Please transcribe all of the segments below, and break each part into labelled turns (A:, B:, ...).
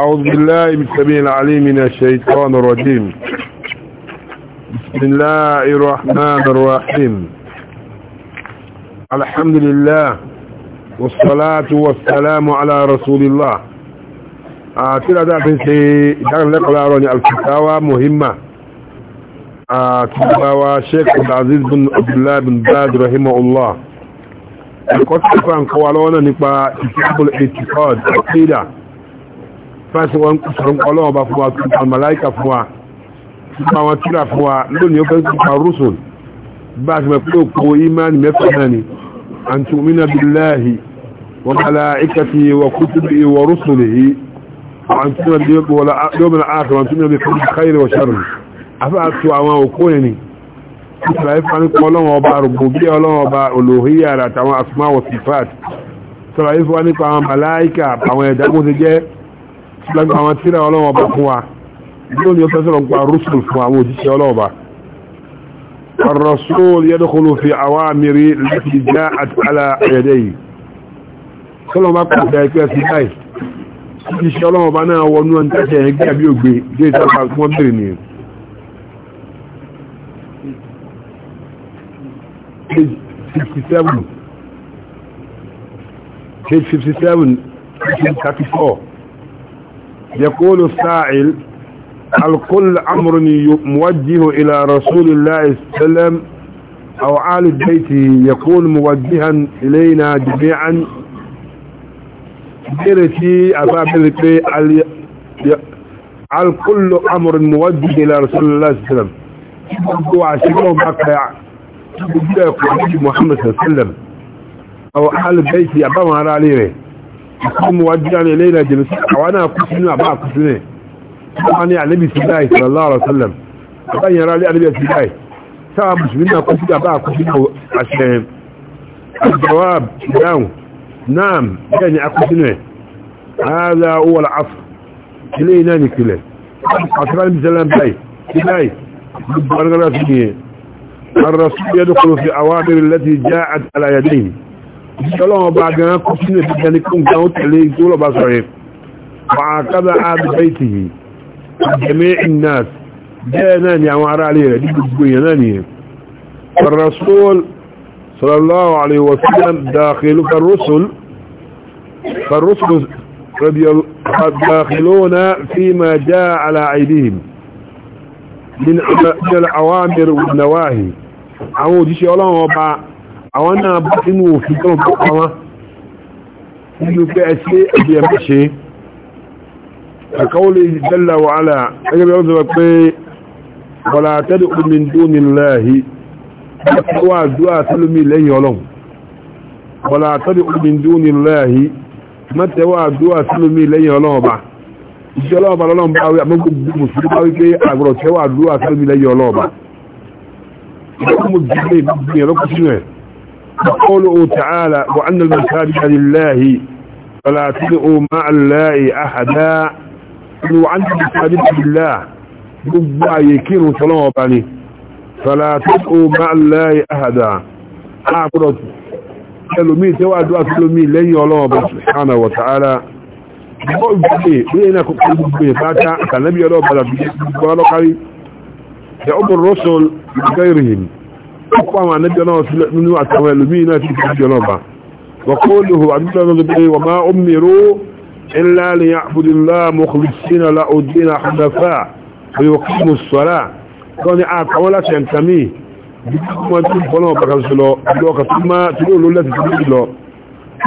A: أعوذ بالله من السميع العليم من الشيطان الرجيم بسم الله الرحمن الرحيم الحمد لله والصلاة والسلام على رسول الله أعطينا دعتين سيدان لك الأروني الفتاوى مهمة أعطينا شيخ العزيز بن عبد الله بن باد رحمه الله القصة فان قوالونا نقبع كتاب الاعتقاد القيدة fásí wọn sọ̀rọ̀ ọlọ́wọ́ bá fún wa tó pa màláìkà fún wa nípa wọn tíra fún wa lónìí ó fẹ́ tó pa rúsùn bá a ti mọ̀ pé òpó imáni mẹ́fà náà ni àti òmìnà billahi wa malaikatihi wa kutubihi wa rusulihi àti òmìnà billahi wa yawmil àti òmìnà billahi wa khayri wa àti àwọn òkú yẹn ni ìtura yìí lọ́gbà àwọn tíra ọlọ́wọ́ bá fún wa yóò ní ó fẹ́ sọ̀rọ̀ gba rúṣùl fún àwọn òjíṣẹ́ ọlọ́wọ́ bá الرسول يدخل في عوامر التي جاءت على يديه sọ́lọ́ bá kọ̀ ọ̀dá ẹgbẹ́ sí báyìí tí ṣe ọlọ́wọ́ bá náà wọnú ọ̀n tẹ́ṣẹ̀ ẹgbẹ́ àbí ògbé dé ìtàkà fún ọmọbìnrin page 57 page 57 يقول السائل الكل أمر موجه إلى رسول الله صلى الله عليه وسلم او عال بيته يكون موجها إلينا جميعا بيرتي افابل بي الكل أمر موجه إلى رسول الله صلى الله عليه وسلم دعاء شنو بقى محمد صلى الله عليه بيته ابا عليه mu wa jira ne laila jalisi a wani kusi ne ba kusi ne kuma ne annabi sallallahu alaihi wasallam kan yara ali annabi sallallahu sa musulmi na kusi da ba kusi ne a shi jawab down na'am yani a kusi ne hada huwa al-asr ilai na nikile asran bi sallam bai bai bargara su ne الرسول يدخل في أوامر التي جاءت على يديه ìṣọ́lọ́wọ́ bá gan kú sínú ìfẹ́kẹ́ ní kún gan ó tẹ̀lé ìtòlọ́bá sọ̀rẹ̀ pàákádà àbẹ̀bẹ̀tì àjẹmẹ́ inas jẹ́ náà ni àwọn ará alẹ́ rẹ̀ gbogbo èèyàn náà nìyẹn rasul sallallahu alaihi wasallam dakhilu karusul karusul dakhiluna fi ma jaa ala aidihim àwọn òjíṣẹ́ ọlọ́run ọba àwọn náà bá sínú òfin tó ń pa wọn nínú pé ẹ ṣe àbí ẹ má ṣe àkọọ́lẹ̀ jalla wa ala ẹgbẹ́ bí wọ́n sọ pé wala tad'u min dunillahi wà dúà tẹ́lómi lẹ́yìn ọlọ́run wala tad'u min dunillahi mẹ́tẹ̀wà dúà tẹ́lómi lẹ́yìn ọlọ́run ọba ìṣẹ́ ọlọ́run ọba lọ́lọ́run bá wí àmọ́gbogbo mùsùlùmí bá wí àgbọ̀rọ̀ tẹ́wà dúà tẹ́lómi lẹ́yìn ọlọ́run ọba ìṣẹ́ ọlọ́run وقوله تعالى وأن المساجد لله فلا تدعوا مع الله أحدا وأن المساجد لله جبا يكينوا سلام وبالي فلا تدعوا مع الله أحدا أقول سلمي سواء دعا سلمي لن يولو سبحانه وتعالى يقول بني بينا كنت بني فاتا كان الله بلا بني بني بني بني ọ̀pọ̀ àwọn anábíọ́ náà sílẹ̀ nínú àtàwọn ẹlòmíì náà fi ìjọ náà bá wọ́kọ́lùhù àdúgbò náà pé wọ́n máa ó mèrò ńlá lè àbúdìlá mọ̀kùnrin la òdì náà àdáfà òyòkú mùsùlá wọ́n ni àtàwọn láti ẹ̀ǹtàmì wọ́n ti fọ́nà ọ̀bàkà sọlọ ìjọkà tó máa tí ó lólẹ̀ ti tóbi lọ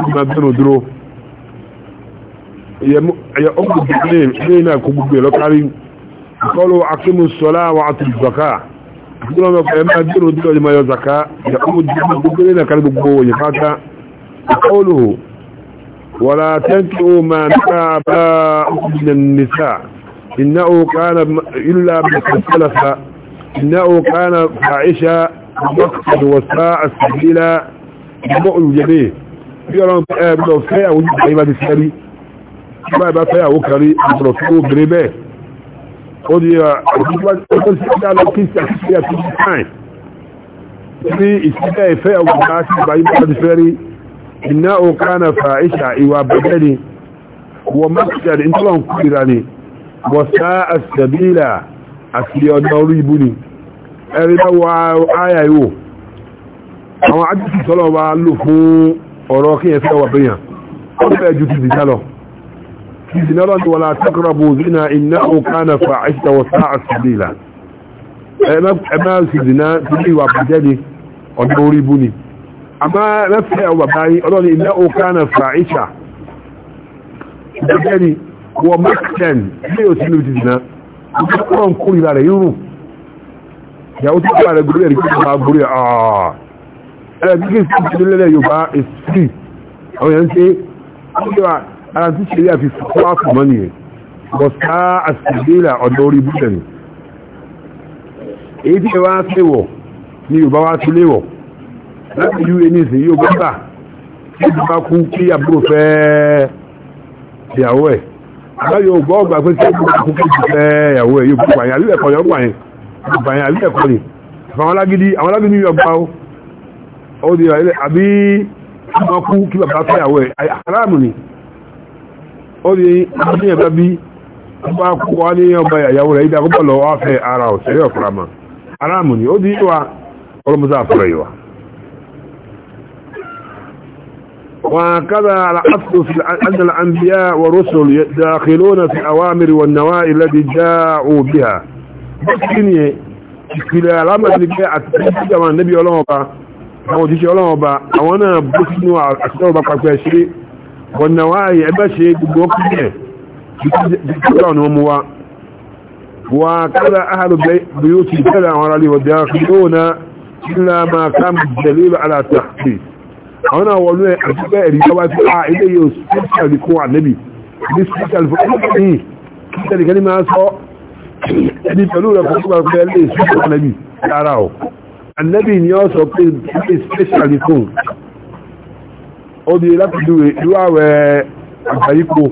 A: tí máa bẹ́nu dúró ẹ̀yà ọkùnrin náà kó dúró ọkọ̀ ẹ̀ máa dúró dúró ọdún mayọ zaka ya ọmọ dúró gbogbo nínú kan gbogbo òye fata ọlù wàlá tẹ́ntì ó máa nípa bá ọkùnrin nìsá iná ó kánà ilá bẹ̀sẹ̀lẹ̀sà iná ó kánà fàáṣà wọ́sá àsìlélá mọ́ olùjẹ́lẹ̀ bí ọlọ́run ẹgbẹ̀rún fẹ́ àwọn ojú ó di ọjọ́ uh, kírísítà sí time tí ìsìnká ìfẹ́ ọgbọ̀nà sí ìbáyí bá ti fẹ́rí iná òká na fàáṣà ìwà bẹ̀rẹ̀ ni wọ mọ́kìtà ní tọ́lọ̀ kúrìrà ni wọ sáà àṣàbílà àti ọ̀dọ̀ orí ibú ni ẹ̀rí lọ́wọ́ ayà ìwò àwọn adìsí tọ́lọ̀ wá lò fún ọ̀rọ̀ kí ẹ̀fẹ́ wà bẹ̀yàn ó fẹ́ ju ti dìjá lọ ìdìnà lọ́dún wọ́n láti kọ́rọ̀bù zina iná òkànà fa àṣìta wọ́sá àṣìdìlà ẹ̀mà ìdìnà tí ní ìwà bàjẹ́ ni ọdún orí bú ni a máa lẹ́fẹ́ ọba báyí ọlọ́ni iná òkànà fa àṣà bàjẹ́ ni wọ́n mark 10 ilé òsì ní ìdìnà
B: ọkọ̀ ń kórìíra
A: rẹ̀ yóò rùn ìyàwó tó kọ́ rẹ̀ gúrẹ́ rí kí wọ́n gúrẹ́ ẹ̀rẹ́ ara tí ṣe yà fi fún àpùmọ́ nìyẹn bọ̀ sáà àṣìlélà ọ̀dọ̀ orí búdẹ̀ ni èyí tí ẹ wá fẹ́wọ̀ ni Yorùbá wá ti léwọ̀ láti yú ẹni ìsìn yóò bá bà tí ìdí bá kú kí àbúrò fẹ́ ìyàwó ẹ̀ àbáyọ ògbọ́ ọgbà pé kí àbúrò kú kí fẹ́ ìyàwó ẹ̀ yóò bá pààyàn àbí ẹ̀kọ́ yọ̀ọ́ pààyàn pààyàn àbí ẹ̀kọ́ ni àwọn alágídí àwọn alágídí yóò gbá ó ó di àbí ọmọ kú kí bàbá fẹ́ orí ní ẹ̀bá bí bá kú wá ní ọba ìyàwó rẹ̀ ìdá púpọ̀ lọ wáfẹ́ ara ọ̀sẹ̀rẹ̀ ọ̀fúramà aráàmù ni ó dí wá ọlọ́mọdá àfúrẹ̀ yíwa وهكذا العصر في أن الأنبياء والرسل داخلون في الأوامر والنواهي التي جاءوا بها لكن خلال الأمر اللي جاء النبي الله أبا أو تيجي الله أبا أو أنا بسنو أكثر بقى في شيء ọ̀nà wá ayẹ ẹgbẹ́ ṣe gbogbo ọkùnrin ìkọ́lá ọ̀nà ọmọ wa wà kọ́lá ahàlù bí ó ti tẹ́lẹ̀ àwọn ará léwọ̀ dáa fi ó na ilá máa kàmù jẹ̀lélò alátàkì àwọn àwọn ọlú ẹ̀ àtúgbẹ́ ẹ̀rí kọ́wá tí a ilé yóò ó di láti dúwe irú àwẹ̀ àgbáyípo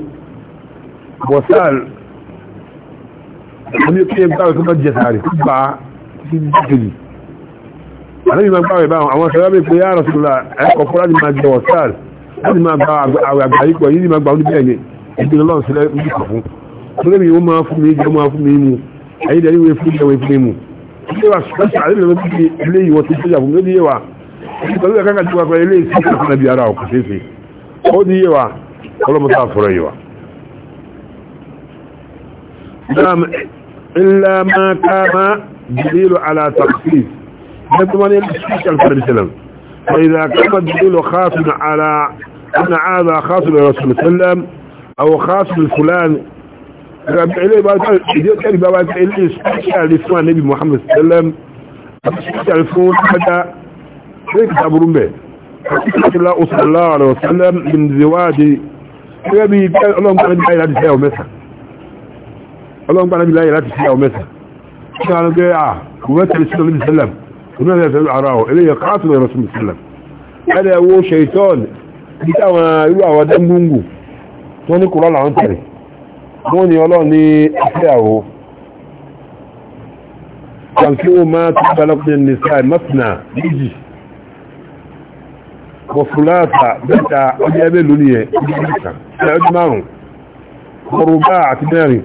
A: bọ̀sáàl oní kí n gbáwẹ̀ tó bá jẹsàárì tó bá sí jẹ́kejì àlẹ́bí máa gbáwẹ̀ báwọn àwọn sọ́rọ́ bẹ́ẹ̀ pé yá Rasulullah ẹ̀kọ́ fún láti máa jẹ bọ̀sáàl láti máa gba àwẹ̀ àgbáyípo yìí ni máa gba oníbẹ̀ẹ́ ni ìpínlẹ̀ lọ́n sílẹ̀ ń kọ̀ fún àlẹ́bí wọ́n máa fún mi jẹ́ máa fún mi mu ẹ̀yìn dẹ̀ ní wọ́n fún mi mu ilé wa pẹ̀lú ẹ̀ka kan ti wá pẹ̀lú eléyìí sí ìṣẹ̀kùn ẹbí ara ọ̀kọ̀ ṣeéṣe ó ní yé wa ọlọ́mọta àfọ̀rọ̀ yìí wa. ilá máa ká máa jìlílò alátàkì mẹ́tọ́mọ́ni ṣíṣàl fẹ́rẹ̀sẹ̀lẹ̀m فإذا كان الدليل خاص على أن هذا خاص للرسول صلى الله عليه وسلم أو خاص للفلان إليه بقى إليه بقى إليه سبيشال لفلان نبي محمد صلى الله عليه وسلم سبيشال لفلان ليك تعبرون به حسيت الله صلى الله عليه وسلم من زواج النبي قال اللهم قال لا اله الا الله مثلا اللهم قال لا اله الا الله مثلا قالوا جاء ومثل صلى الله عليه وسلم قلنا له اراه الي قاتل رسول الله صلى الله عليه وسلم هذا هو شيطان بتاع يوا ودان غونغو توني قران عن تري موني والله ني افياو كان كيو ما تبلغ النساء مثنى يجي wọ̀fúláàtà mẹ́ta ọjọ́ ẹgbẹ́ lónìí ẹ̀ ọjọ́ márùn-ún ọrùbá àti mẹ́rin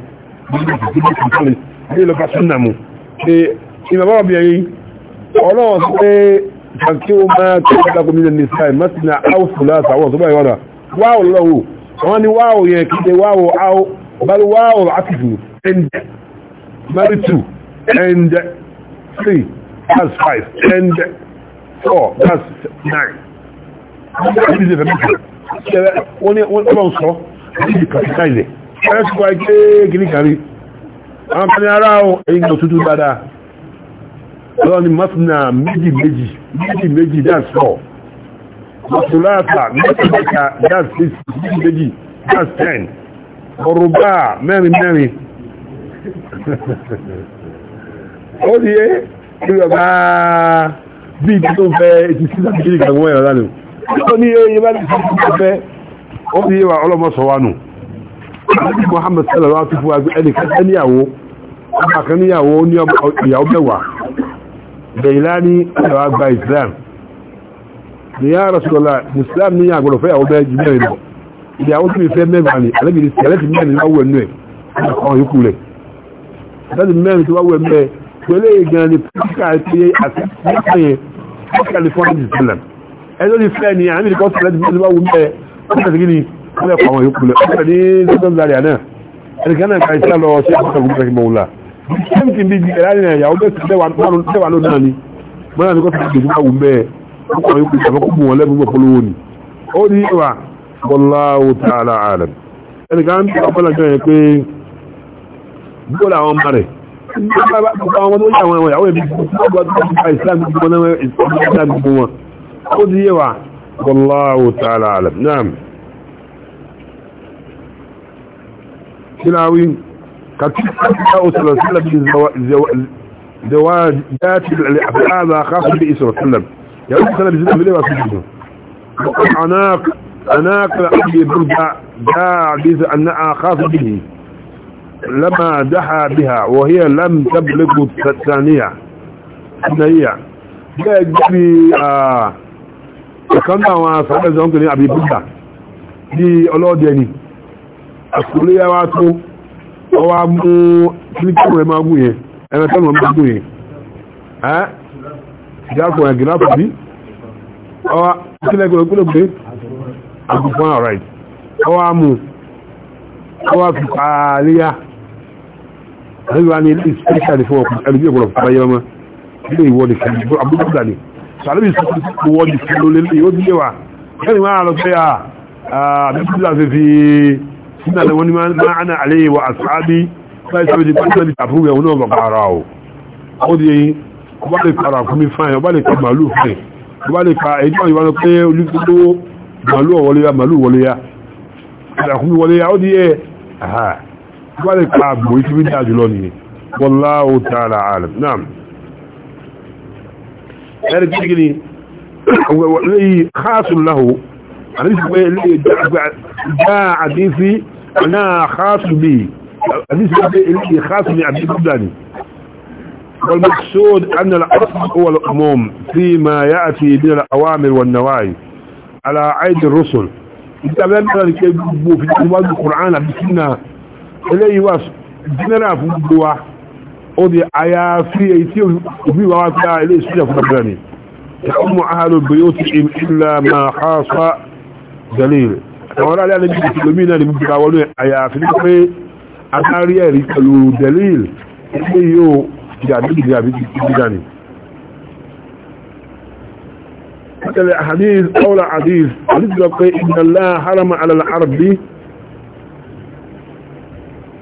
A: wọ́n ni wáwò yẹn kíkẹ wáwò áwò bal wáwò àtìfù and marry two and three that's five and four that's nine níbi ìfẹ́ méjì ṣẹlẹ̀ wọ́n ní wọ́n lọ́n masina méjì méjì méjì méjì that's four masulata mẹ́rin mẹ́rin ó ní ẹ́ ọba bí ìdí tó fẹ́ ètùsí láti kéèkiri kàrí wọ́n ní ẹyẹ bá ní ìfẹ́ ó fi wà ọlọ́mọsọ wa nù Muhammad sallallahu alaihi wa sallam ẹni kẹta níyàwó ọkàn níyàwó ní ìyàwó mẹ́wàá bẹ̀yìnlá ní ẹwà gba Islam ni ya Rasulullah Islam ní àgbọ̀rọ̀ fẹ́ ìyàwó bẹ́ẹ̀ jù mẹ́rin lọ ìyàwó tí mi fẹ́ mẹ́wàá ni alẹ́bìnrin tẹ̀lẹ́tì mẹ́rin láwọ̀ ẹ̀nú ẹ̀ ọ̀hún ikú rẹ̀ tẹ̀lẹ́tì mẹ́rin tí wáwọ̀ ẹ̀mẹ́ pẹ̀lẹ́ ìgbẹ̀rẹ̀ ni pẹ̀lẹ́ ẹjọ́ ní fẹ́ ni àmì ìkọ́ sílẹ̀ ti fẹ́ wù mẹ́ ọ̀pẹ̀sì gíní wọ́n lẹ́kọ̀ọ́ àwọn yòókù lẹ̀ ọ̀pẹ̀ ní sọ́tọ̀ zaria náà ẹnìkan náà kàí sílẹ̀ lọ sí àkọ́kọ́ gbogbo ẹ̀kí mọ̀wùlà same thing bí ẹ̀rá ní ẹ̀yà ọ̀pẹ̀ sí tẹ́wà ló náà ni mọ́nà ní kọ́ sílẹ̀ ti fẹ́ wù mẹ́ ọkọ̀ yòókù ìṣàkọ́ kú wọn lẹ́bùn mọ̀ polówó ni ó ní wà wallahu ta'ala alam ẹnìkan ń tọ́ pẹ́lá jẹ́ pé bó làwọn ọmọ rẹ̀ Àwọn ọmọ tó yà àwọn ìyàwó ẹ̀bí ọgbà tó ń bá ìsìlámù gbogbo náà ìsìlámù gbogbo wọn. خذ يوع والله تعالى أعلم نعم سلاوي كتبت سلسلة من زواجات الأفعال خاصة بإسرة سلم يقول سنة بزنة بليه واسجده وقال عناق عناق لأبي برجع جاء بيز أنها خاصة به لما دحى بها وهي لم تبلغ الثانية الثانية جاء جبي آه kan da àwọn sàbẹ̀ zan kò ní àbí buddha bí ọlọ́dẹ ni àkùnrin yà wá tó ọwá mú kílíkì rẹ̀ máa gùn yẹn ẹran tẹ́lọ̀ máa gùn yẹn ẹ́ ìdáàkùn ẹ̀ gìláàpù bí ọwá kílẹ̀ kò kúlò pé àgùnfún àráì ọwá mú ọwá fi pààlíyà àríwá ní ilé ìsẹ́kàlì fún ọkùnrin ẹlùmí ọ̀pọ̀lọpọ̀ sàlẹ́bì sọ́kùn kò wọ́n di fún lólé yóò dílé wa kẹ́rin máa lọ pé àbíkúlá fi fi sínà lọ wọ́n ni máa ánà àlẹ́ wa àsáàbí láì sábẹ́ di pàtàkì àfúgbẹ̀ wọn náà bàbá ara o ó di yẹn ó bá lè ka ara fún mi fáyìn ó bá lè ka màálù fún ẹ̀ ó bá ẹ̀rẹ́ gidi gidi wẹ̀wẹ̀lẹ́ khasun lahu àdísìgbé já àdísí náà khasun bí àdísìgbé ilé khasun ní àdísìgbé ní
B: والمقصود
A: أن الأصل هو الأموم فيما يأتي من الأوامر والنواهي على عيد الرسل ìtàbí ẹ̀mẹ́ta ní kẹ́ gbogbo òfin ìwádìí kùránà bí sínú eléyìí wà jẹ́nẹ́rà fún gbogbo wa ó di àyàfi èyí tí òbí wa wá pé ilé ìṣúlẹ̀ fún ọ̀pẹ̀lẹ̀ ni ọmọ ahàlù bí ó ti im ilẹ̀ máa kásá dalil àwọn ará alẹ́ níbi ìtìlómí náà ni gbogbo àwọn olóyìn àyàfi ní pé agbárí ẹ̀rí pẹ̀lú dalil ilé yóò jàdí ìdí àbí ti ti ni Akẹ́lẹ̀ Hadith, Ọlá Hadith, Hadith lọ pé ìdàlá harama alal arbi,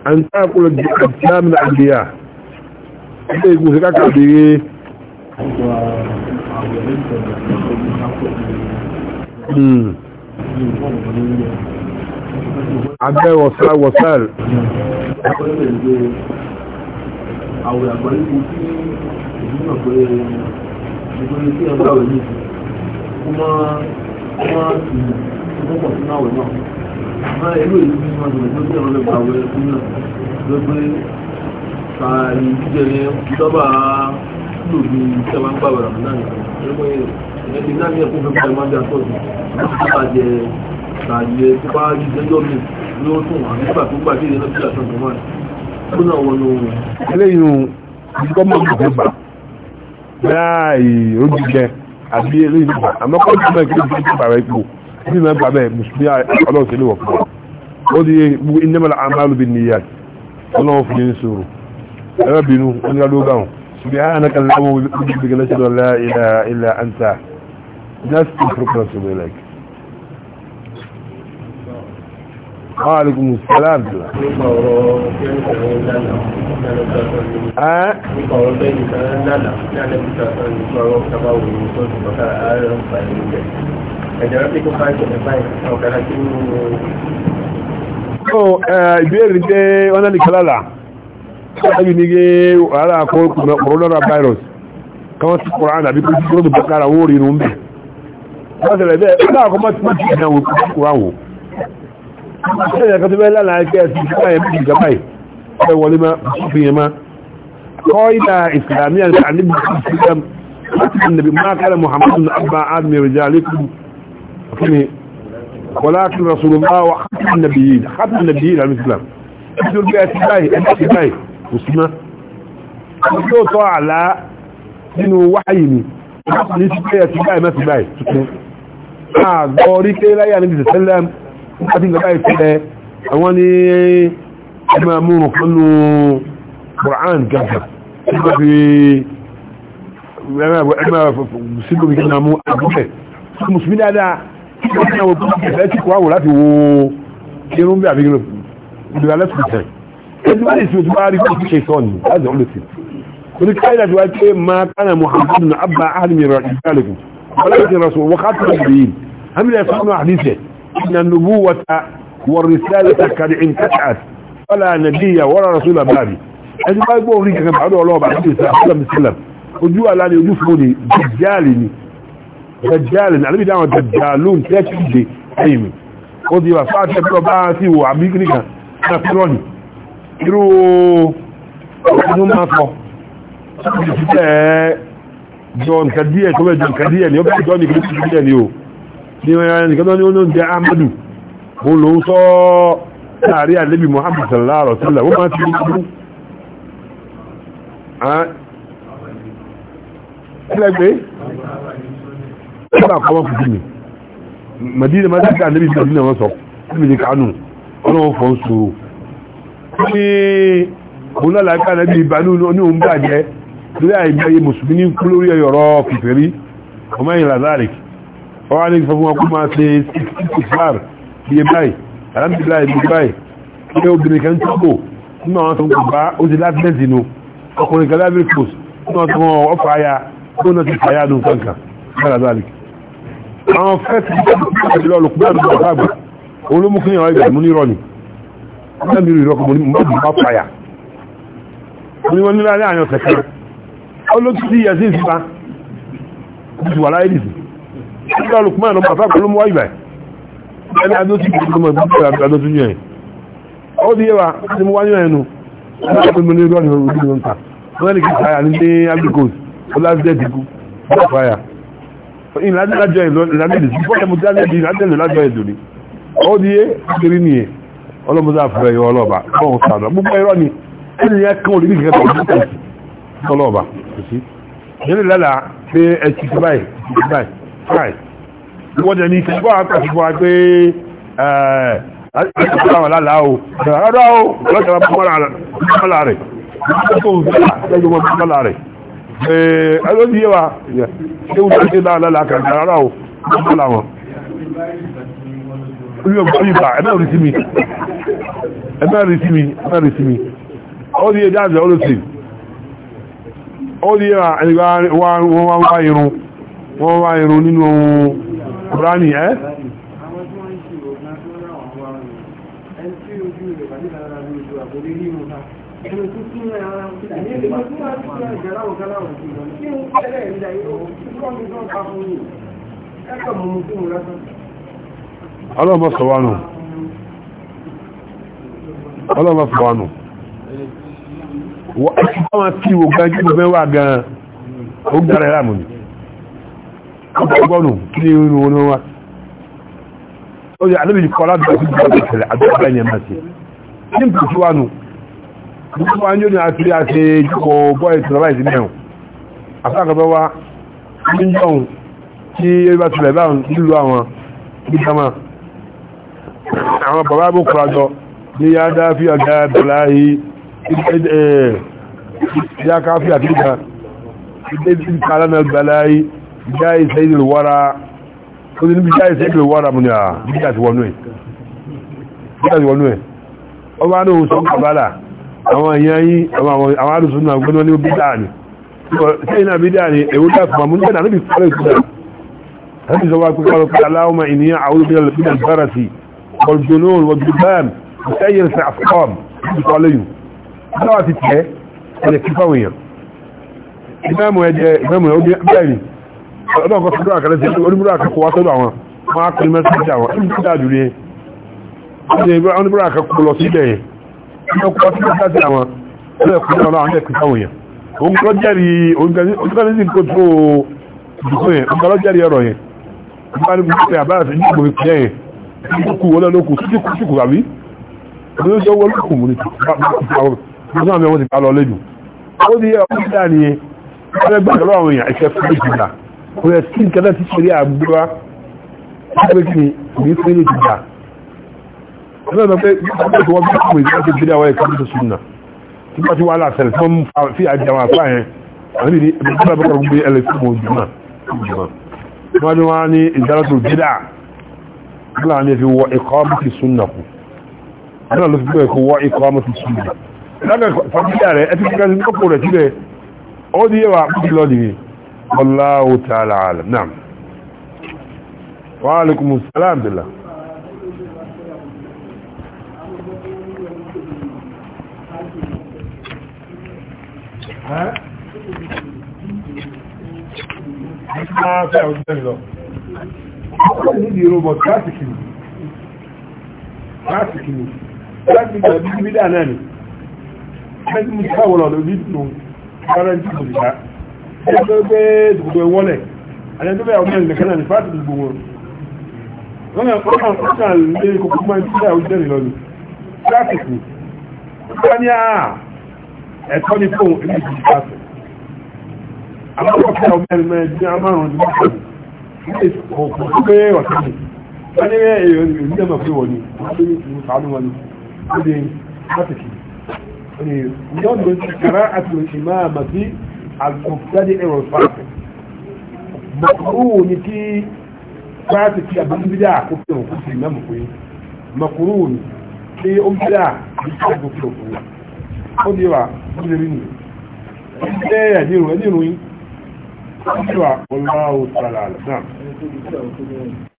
A: an tákùlọ̀ jẹ́ àjá min àjíyà, ilé ìgbò sí káàkiri bèèrè hmm. abẹ́ wọ̀sán wọ̀sán àwọn àgbáyé kò tí èyí náà pé nítorí tí ẹgbẹ́ àwẹ̀ yìí kó má kó má sì pọ̀ ààyè jíjẹ yẹn sábà lò ní ìjọba ń gbàgbà náà nígbà yẹn ti náà ní ẹ̀kọ́ fẹ́ fún ẹ máa ń bí àtọ́jú láti sábà jẹ ààyè tó bá rí ìjẹ́jọ́ mi ní ó tún àmì nígbà tó gbàgbé ìrẹ́lẹ́ bí àtọ́jú máa tó náà wọnú eléyìí ìgbọ́ mọ́ ìgbà gbà láàyè ó jíjẹ àbí eléyìí nígbà àmọ́ kọ́ ìgbà kí ó jíjẹ bàrà ipò bí mẹ́ bàbẹ́ mùsùlùmí ọlọ́ọ̀sẹ̀ lè wọ̀ fún ọ ó di gbogbo inẹ́mọ̀lá àmàlù bí nìyà ọlọ́wọ́ fún yín sọ̀rọ̀ ẹ̀rọ bínú wọ́n gá lóga hùn bí a nà kan láwọn gbígbé lọ́sẹ̀ lọ́la ilẹ̀ àǹtà just to focus on it like Alaikum salam bila. Eh? Nípa oh, ọ̀rọ̀ eh, bẹ́ẹ̀ni lánàá ní Alẹ́bùsà sọ nípa ọ̀rọ̀ sábàwò ní sọ́ọ̀tù bàtà ààrẹ ń fa ìlú rẹ̀. Ẹ̀jẹ̀rẹ́ pé kó bá ìṣẹ̀lẹ̀ báyìí ọ̀kadà tí ó ń mú. Ó ìbéèrè jẹ́ ọ̀nà nìkan lálàá ẹbí ní gé wàhálà coronavirus káwọn tí kòrán àbí kòrán tó bọ̀ kára wó rí inú ń bẹ̀ wọ́n tẹ̀lẹ̀ bẹ́ẹ̀ ẹgbẹ́ àkọ́mọ́ tí wọ́n ti ìdá wò kí kòrán wò ṣẹ́yìn kan tó bẹ́ẹ̀ lánàá ẹgbẹ́ ẹ̀sìn ìjọba ẹ̀mí ìjọba ẹ̀ ẹ̀ wọlé má fi yẹn má kọ́ ìdá ìsìlámí àti àníbi ìsìlám láti nàbí mákàlẹ̀ muhammadu abba admi rijalikum kíni wọlákin rasulullah wa khatam nabiyyin khatam nabiyyin al-islam ìjọba ẹ̀ ti báyìí ẹ̀ ti báyìí kò sí mọ́ yóò tọ́ àlá nínú wáyé ni wọ́n ní sí pé ẹ̀sìn báyìí mẹ́sì báyìí tuntun àgọ́ orí pé láyà ní ìsẹ̀ tẹ́lẹ̀ láti ìgbà báyìí tẹ́lẹ̀ àwọn ní ẹmọ amúrùn pẹ̀lú Quran gàgà ẹmọ fi ẹmọ sílùú kí nàmú àbúkẹ́ ẹgbẹ́ ìsìn tó bá rí kí ṣe sọ ní láti ọlọ́sìn kò ní káyà tó wá pé máa kánà muhammadu na abba ahalmi radikalekun ọlọ́sìn rasu wakati rẹ̀ yìí hamila ya sanu hadisẹ̀ na nubuwata wa risalata kari in kashat wala nabiya wala rasula bari ẹni bá gbọ́ rí kankan bàdọ̀ ọlọ́ọ̀bà àti ìsà àfúlà mùsùlùm ojú àlá ni ojú fún ni dajjali ni irú ọdún máa fọ́ ìfẹ́ john kadíẹ̀ tó wẹ́ john kadíẹ̀ ni ó bẹ́ẹ̀ john ìgbésí kadíẹ̀ ni eh, ó ní ọ̀rẹ́ nìkan ní oúnjẹ amadu òun lòun sọ láàrin àlébì Muhammad sallallahu alaihi wasallam wọ́n máa ti rí kú ẹlẹ́gbẹ́ ẹgbà kọwọ́ fìdí mi Madina madina àlébì Madina wọ́n sọ ẹlẹ́gbẹ́ kánú ọlọ́wọ́ fọ́n sọ̀rọ̀ ní olólàgbà nẹ́bí ìbánú ní òun bàjẹ́ lórí àìgbẹ̀yẹ mùsùlùmí ní kú lórí ọ̀rọ̀ kìfèrí ọmọ ìyìn lazaric ọwá ní fọ́fún ọkùn máa ṣe 6,000 bí i báyìí alhamdulillah bí i báyìí ní obìnrin kan tókò nínú àwọn tó ń kò bá ó ti látẹ́ǹtì nù ọkùnrin kan lábẹ́ kòs nínú àwọn tó wọn ọfà ayá tó náà ọ̀nà mi rìn lọ́kọ̀ mọ́ bí wọ́n fàyà wọ́n ni wọ́n nílá ní àyàn kẹ̀kẹ́ olóòtú sí yẹ̀sí ìsìta ti wà láyé nìsí nígbà olùkùnmọ́ ẹ̀nà bàbá pẹ̀lú mọ́ ìgbà ẹni adótú ìgbìmọ̀ ìgbìmọ̀ adótú yẹn ó di yẹwà ti mú wáyé ẹnu láàpẹ̀lú ní ọdún ìrọ̀lú ìrọ̀lú ìta wọ́n ní kí fàyà ní dé agricos ọlásílẹ̀ dìkú wọ́n fàyà ìrìnàjò lájọ ìlú ìrìnàjò ìlú ọlọ́mọdé àfẹ́ yọ ọlọ́ọ̀bà ọ̀hún sàdọ̀ gbogbo irọ́ ni ẹni yẹn kán olè nígbà tó kàn sí ọlọ́ọ̀bà kò sí yẹn lè lálàá pé ẹ ti ti báyìí ti ti báyìí fáì wọ́n jẹ́ ní ti bọ́ àkàtì fún wa pé ẹ ti bá wà lálàá o rárá o ọlọ́jà bá bọ́lá rẹ̀ tó ń fẹ́ lẹ́jọ́ bọ́ mi ẹ̀mẹ́ rí sí mi ẹ̀mẹ́ rí sí mi ó di ẹjá àjẹ́ olóòsì ó di wọ́n wá irun wọ́n wá irun nínú Kùránì ẹ́ Ọlọ́mọ sọ̀wọ́nù ọlọ́mọ fún ọnù wọ́n ti wò gan jí gbogbo gan ó gbára ìlàmù ní ọgbọ́nù kí ní inú wọn wá ó yẹ alẹ́bìnrin kọ́ láti ọdún ìgbàlẹ̀ ìṣẹ̀lẹ̀ àdúgbà ẹ̀yẹ máa ṣe ní pùtù wà nù gbogbo wa sí dai ya dafiya ga bala'i ya kafiya kika idin kalanar bala'i jayi sai dilwara kudin bi jayi sai dilwara mun ya bida ti wọnú ẹ̀ bida ti wọnú ẹ̀ o ba no so kabala àwọn èèyàn yìí àwọn àwọn arusun na gbonu ni bida ni sai na bida ni e wuta kuma mun kana nabi sallallahu ìṣẹ́yìn sí àfikọ́m ìdíkọ́ lẹ́yìn aláwà ti tẹ́ ẹ̀lẹ̀ kí fáwọn èèyàn ìmẹ́mù ẹjẹ́ ìmẹ́mù ẹ̀ bẹ́ẹ̀ni ọlọ́kọ̀ tó dára kẹrẹsì oníbúrò àkẹ́kọ̀ọ́ wá sọ́dọ̀ àwọn máa kọ́ mẹ́sàájì àwọn ẹni tó dájú rí oníbúrò àkẹ́kọ̀ọ́ lọ sí ibẹ̀ yẹn ọlọ́kọ̀ tó dájú àwọn ẹlẹ́kùn náà láwọn ẹ̀kí fáwọn èèyàn òun kọ́ jẹ́rì organizing control ìdìkọ́ yẹn òun kọ́ jẹ́rì ọ̀rọ̀ yẹn ló jẹ́ wọ́n lókùn mú ní ọjọ́ àmì wọ́n ti bá lọ lẹ́jù ó di ọkùnrin dáa ni ẹgbẹ́gbẹ̀rọ àwọn èèyàn ẹ̀ṣẹ́ fún ìjìdá kò yẹ kí nkẹta ti ṣe rí àgbúrá pé kí ní fún ìjìdá ẹgbẹ́ sọ pé ọjọ́ tí wọ́n bí kùn ìjìdá ti gbé àwọn ẹ̀ka tó sùn náà tí wọ́n ti wá láṣẹ tí wọ́n fi àjẹ àwọn ìdí ìbúra bọ́kọ̀ gbé ẹlẹ́ fún mọ̀ jùmọ̀ wọ́n ni wọ́n ní ìjìdá tó gbé dáa náà ló fi bẹ́ẹ̀ kó wá ikọ̀ ọmọ tuntun rẹ̀ lọ́nà fàmílà rẹ̀ ẹ ti fi kẹ́sì kọ́kọ́ rẹ̀ sílẹ̀ ó di yẹ́wà àpótí lọ nìyí wallahu ta'ala alam naam wa alaikumus robot láti kìlù. Láti kìlù láti ìgbà bí bídà náà ni ẹni mo ti káwọ́ lọ́dọ̀ bí nù kárẹ́ntì kò sì dá ẹni tó gbé dùgbò ìwọlẹ̀ àti tó bẹ́ẹ̀ ọmọ ìlẹ̀ kanáà ní fáàtì gbogbo wọn wọ́n yàn kọ́ kàn kàn lé kókó máa ń tí ìyàwó jẹ́ nìlọ ni tíráfìkì wọ́n ní àá ẹ̀tọ́ ní fóun èmi ìdí ìfàṣẹ àwọn ọ̀pẹ́ ọmọ ẹ̀rọ mẹ́rin ní amárùn ní mọ́tò ní kò kò pé ọ̀sẹ̀ mi wọ́n ni wọ́n ne hatiki ne yadda kira'atul imamati al-mubtadi wal fasik makruh ni ki fasik ya bin bid'a ko ko imam ko makruh ni ki um bid'a ko ko ko ko di wa ni ni ṣe ya ni ro ni ro yi wa wallahu ta'ala na'am